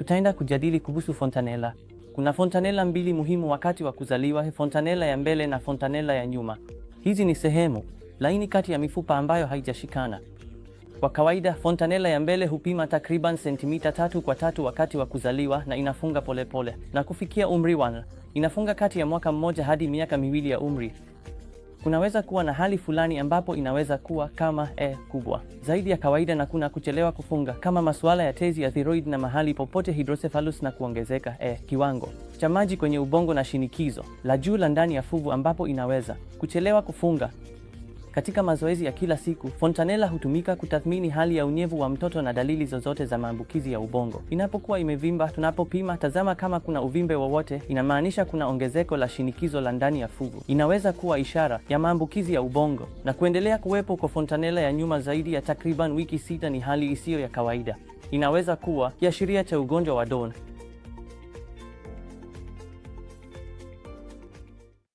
Tutaenda kujadili kuhusu fontanela. Kuna fontanela mbili muhimu wakati wa kuzaliwa, fontanela ya mbele na fontanela ya nyuma. Hizi ni sehemu laini kati ya mifupa ambayo haijashikana. Kwa kawaida, fontanela ya mbele hupima takriban sentimita tatu kwa tatu wakati wa kuzaliwa na inafunga polepole pole, na kufikia umri wa inafunga kati ya mwaka mmoja hadi miaka miwili ya umri. Kunaweza kuwa na hali fulani ambapo inaweza kuwa kama e kubwa zaidi ya kawaida na kuna kuchelewa kufunga kama masuala ya tezi ya thyroid na mahali popote hydrocephalus na kuongezeka e kiwango cha maji kwenye ubongo na shinikizo la juu la ndani ya fuvu ambapo inaweza kuchelewa kufunga. Katika mazoezi ya kila siku, fontanela hutumika kutathmini hali ya unyevu wa mtoto na dalili zozote za maambukizi ya ubongo. Inapokuwa imevimba, tunapopima, tazama kama kuna uvimbe wowote, inamaanisha kuna ongezeko la shinikizo la ndani ya fuvu. Inaweza kuwa ishara ya maambukizi ya ubongo, na kuendelea kuwepo kwa fontanela ya nyuma zaidi ya takriban wiki sita ni hali isiyo ya kawaida. Inaweza kuwa kiashiria cha ugonjwa wa Down.